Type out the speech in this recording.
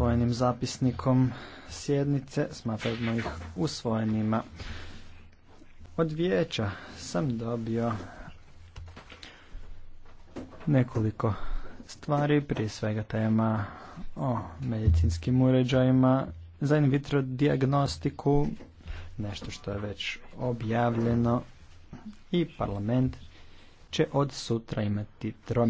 usvojenim zapisnikom sjednice, smatramo ih usvojenima. Od vijeća sam dobio nekoliko stvari, prije svega tema o medicinskim uređajima, za in vitro diagnostiku, nešto što je već objavljeno i parlament će od sutra imati